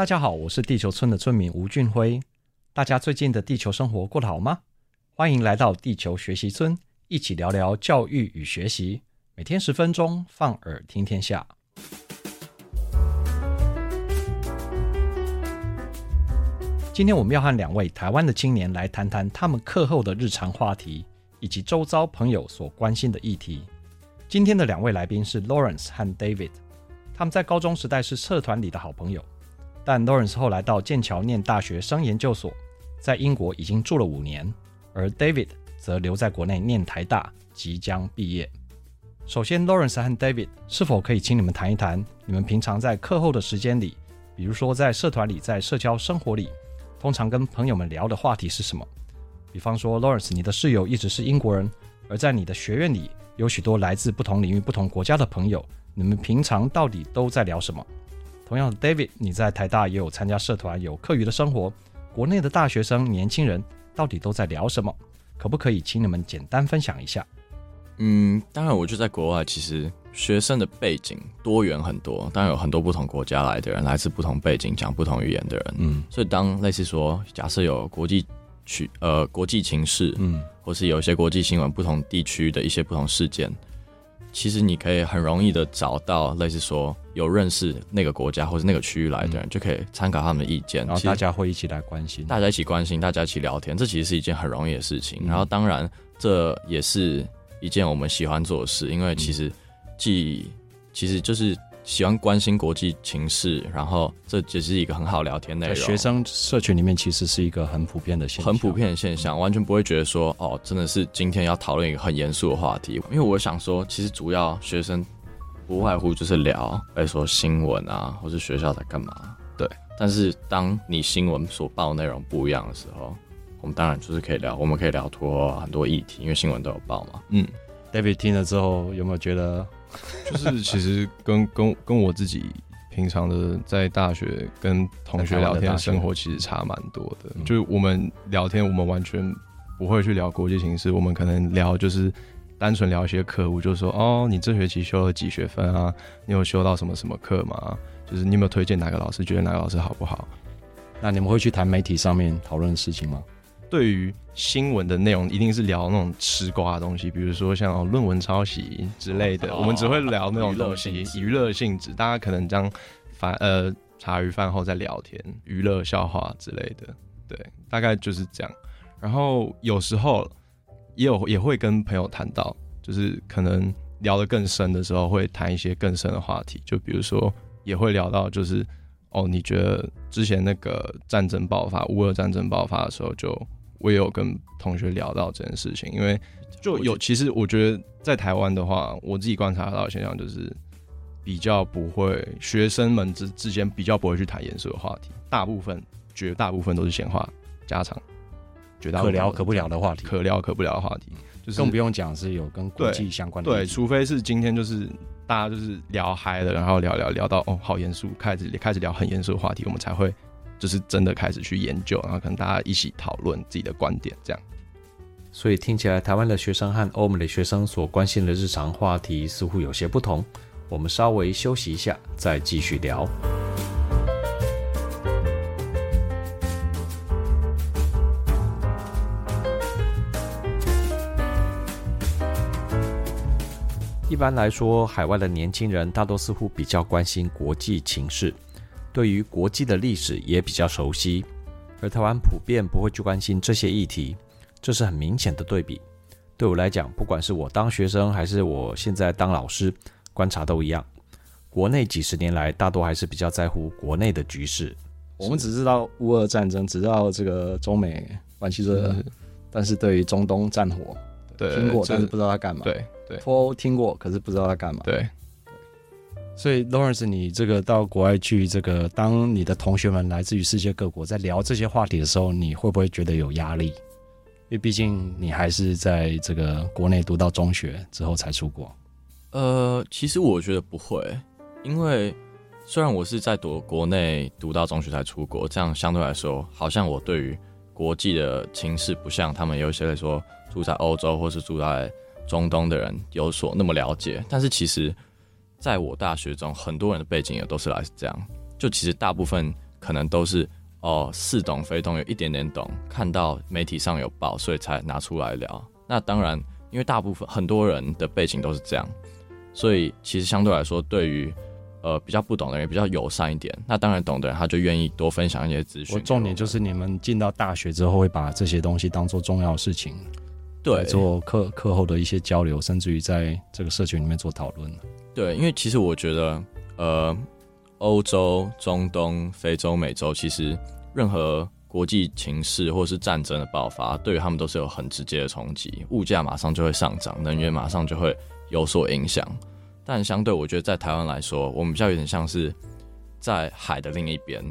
大家好，我是地球村的村民吳俊輝。大家最近的地球生活過得好嗎？歡迎來到地球學習村，一起聊聊教育與學習。每天十分鐘，放耳聽天下。今天我們要和兩位台灣的青年來談談他們課後的日常話題，以及周遭朋友所關心的議題。今天的兩位來賓是 Lawrence 和 David，他們在高中時代是社團裡的好朋友。但 Lawrence 後來到劍橋念大學商研究所，在英國已經住了五年，而 David 則留在國內念台大，即將畢業。首先，Lawrence 和 David 是否可以請你們談一談，你們平常在課後的時間裡，比如說在社團裡、在社交生活裡，通常跟朋友們聊的話題是什麼？比方說，Lawrence，你的室友一直是英國人，而在你的學院裡有許多來自不同領域、不同國家的朋友，你們平常到底都在聊什麼？同樣，David，你在台大也有參加社團，有課餘的生活。國內的大學生、年輕人到底都在聊什麼？可不可以請你們簡單分享一下？嗯，當然，我就在國外，其實學生的背景多元很多，當然有很多不同國家來的人，來自不同背景、講不同語言的人。嗯，所以當類似說，假設有國際區，呃，國際情勢，嗯，或是有一些國際新聞，不同地區的一些不同事件。其實你可以很容易的找到類似說有認識那個國家或是那個區域來的人，就可以參考他們的意見。然後大家會一起來關心，大家一起關心，大家一起聊天，這其實是一件很容易的事情。嗯、然後當然這也是一件我們喜歡做的事，因為其實、嗯、既其實就是。喜歡關心國際情勢，然後這只是一個很好聊天的內容。學生社群裡面其實是一個很普遍的現象，很普遍的現象，完全不會覺得說哦，真的是今天要討論一個很嚴肅的話題。因為我想說，其實主要學生不外乎就是聊，欸，說新聞啊，或是學校在幹嘛。對，但是當你新聞所報的內容不一樣的時候，我們當然就是可以聊，我們可以聊脫很多議題，因為新聞都有報嘛。嗯，David 聽了之後有沒有覺得？ 就是其實跟跟跟我自己平常的在大學跟同學聊天的生活其實差蠻多的，的就我們聊天。我們完全不會去聊國際形勢，嗯、我們可能聊就是單純聊一些課務。我就是說哦，你這學期修了幾學分啊？你有修到什麼什麼課嗎？就是你有沒有推薦哪個老師？覺得哪個老師好不好？那你們會去談媒體上面討論的事情嗎？對於新聞的內容，一定是聊那種吃瓜的東西，比如說像、哦、論文抄襲之類的，哦、我們只會聊那種東西，娛樂，娛樂性質。大家可能將飯呃茶餘飯後在聊天，娛樂笑話之類的，對，大概就是這樣。然後有時候也有也會跟朋友談到，就是可能聊得更深的時候，會談一些更深的話題，就比如說也會聊到，就是哦，你覺得之前那個戰爭爆發，烏俄戰爭爆發的時候就。我也有跟同學聊到這件事情，因為就有其實我覺得在台灣的話，我自己觀察到的現象就是比較不會學生們之之間比較不會去談嚴肅的話題，大部分絕大部分都是閒話家常覺得他們，絕大可聊可不聊的話題，可聊可不聊的話題，就是更不用講是有跟國際相關的對，對，除非是今天就是大家就是聊嗨了，然後聊聊聊到哦好嚴肅，開始開始聊很嚴肅的話題，我們才會。就是真的開始去研究，然後可能大家一起討論自己的觀點，這樣。所以聽起來，台灣的學生和歐美的學生所關心的日常話題似乎有些不同。我們稍微休息一下，再繼續聊。嗯、一般來說，海外的年輕人大多似乎比較關心國際情勢。對於國際的歷史也比較熟悉，而台灣普遍不會去關心這些議題，這是很明顯的對比。對我來講，不管是我當學生還是我現在當老師，觀察都一樣。國內幾十年來，大多還是比較在乎國內的局勢。是我們只知道烏俄戰爭，只知道這個中美關係什、就是、是但是對於中東戰火對對聽過，就是、但是不知道它幹嘛。對，對、脫歐聽過，可是不知道它幹嘛。對。所以，Lawrence，你這個到國外去，這個當你的同學們來自於世界各國，在聊這些話題的時候，你會不會覺得有壓力？因為畢竟你還是在這個國內讀到中學之後才出國。呃，其實我覺得不會，因為雖然我是在躲國內讀到中學才出國，這樣相對來說，好像我對於國際的情勢不像他們有一些來說住在歐洲或是住在中東的人有所那麼了解，但是其實。在我大學中，很多人的背景也都是來這樣，就其實大部分可能都是哦、呃、似懂非懂，有一點點懂，看到媒體上有報，所以才拿出來聊。那當然，因為大部分很多人的背景都是這樣，所以其實相對來說，對於呃比較不懂的人也比較友善一點，那當然懂的人他就願意多分享一些資訊。我重點就是你們進到大學之後，會把這些東西當做重要事情。對，做課課後的一些交流，甚至於在這個社群裡面做討論。對，因為其實我覺得，呃，歐洲、中東、非洲、美洲，其實任何國際情勢或是戰爭的爆發，對於他們都是有很直接的衝擊，物價馬上就會上漲，能源馬上就會有所影響。但相對，我覺得在台灣來說，我們比較有點像是在海的另一邊。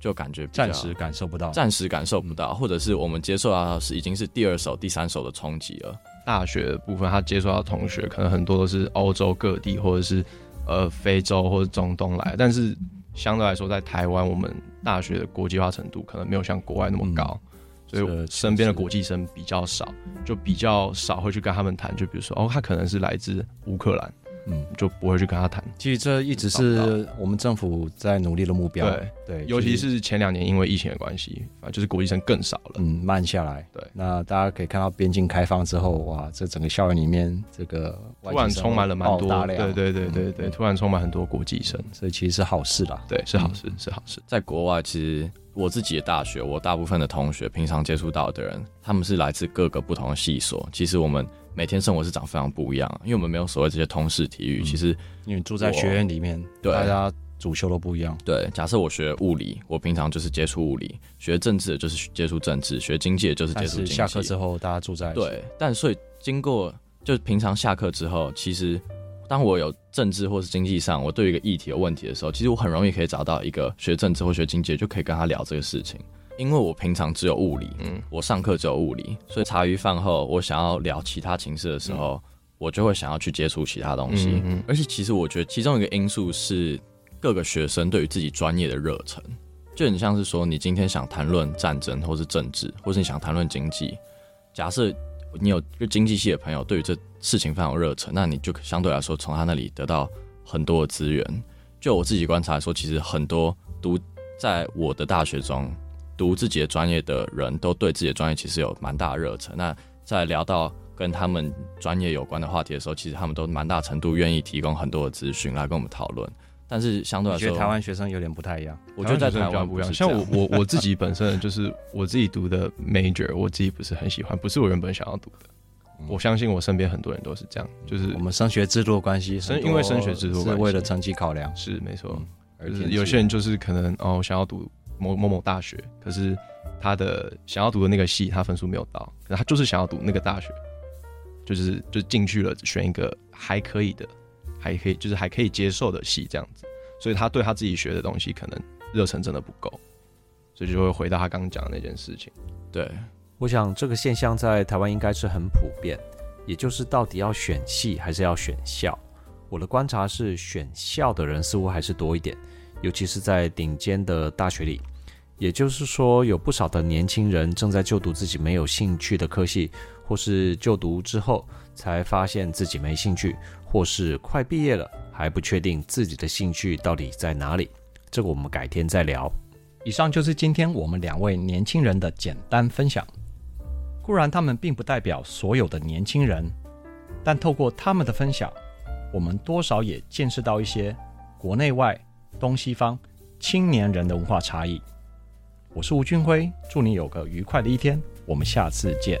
就感覺暫時感受不到，暫時感受不到，或者是我們接受到是已經是第二手、第三手的衝擊了。大學的部分，他接觸到同學，可能很多都是歐洲各地，或者是呃非洲或者中東來。但是相對來說，在台灣，我們大學的國際化程度可能沒有像國外那麼高，嗯、所以身邊的國際生比較少，嗯、就比較少會去跟他們談。就比如說，哦，他可能是來自烏克蘭。嗯，就不會去跟他談。其實這一直是我們政府在努力的目標。對、嗯、對，尤其是前兩年因為疫情的關係，啊，就是國際生更少了，嗯，慢下來。對，那大家可以看到邊境開放之後，哇，這整個校園裡面這個突然充滿了蠻多，哦、對對對對對，嗯、突然充滿很多國際生，所以其實是好事啦，對，是好事，是好事。嗯、在國外其實。我自己的大學，我大部分的同學平常接觸到的人，他們是來自各個不同的系所。其實我們每天生活是長非常不一樣，因為我們沒有所謂這些通識體育。嗯、其實你住在學院裡面，對，大家主修都不一樣。對，假設我學物理，我平常就是接觸物理；學政治的就是接觸政治；學經濟的就是接觸經濟。下課之後大家住在一起，對，但所以經過就平常下課之後，其實。當我有政治或是經濟上，我對於一個議題有問題的時候，其實我很容易可以找到一個學政治或學經濟，就可以跟他聊這個事情，因為我平常只有物理，嗯、我上課只有物理，所以茶餘飯後我想要聊其他情緒的時候，嗯、我就會想要去接觸其他東西。嗯嗯嗯，而且其實我覺得其中一個因素是各個學生對於自己專業的熱忱，就很像是說你今天想談論戰爭或是政治，或是你想談論經濟，假設。你有一個經濟系的朋友，對於這事情非常有熱忱，那你就相對來說從他那裡得到很多的資源。就我自己觀察來說，其實很多讀在我的大學中讀自己的專業的人都對自己的專業其實有蠻大的熱忱。那在聊到跟他們專業有關的話題的時候，其實他們都蠻大程度願意提供很多的資訊來跟我們討論。但是相對來說，覺得台灣學生有點不太一樣。一樣我覺得在台灣不一樣，像我我我自己本身就是我自己讀的 major， 我自己不是很喜歡，不是我原本想要讀的。我相信我身邊很多人都是這樣，就是、嗯、我們升學制度的關係，升因為升學制度是為了長期考量，是沒錯、嗯。而且有些人就是可能哦想要讀某某某大學，可是他的想要讀的那個系他分數沒有到，他就是想要讀那個大學，就是就進去了選一個還可以的。還可以，就是還可以接受的系這樣子，所以他對他自己學的東西可能熱忱真的不夠，所以就會回到他剛剛講的那件事情。對，我想這個現象在台灣應該是很普遍，也就是到底要選系還是要選校？我的觀察是選校的人似乎還是多一點，尤其是在頂尖的大學裡，也就是說有不少的年輕人正在就讀自己沒有興趣的科系，或是就讀之後。才發現自己沒興趣，或是快畢業了還不確定自己的興趣到底在哪裡，這個我們改天再聊。以上就是今天我們兩位年輕人的簡單分享。固然他們並不代表所有的年輕人，但透過他們的分享，我們多少也見識到一些國內外、東西方青年人的文化差異。我是吳俊輝，祝你有個愉快的一天，我們下次見。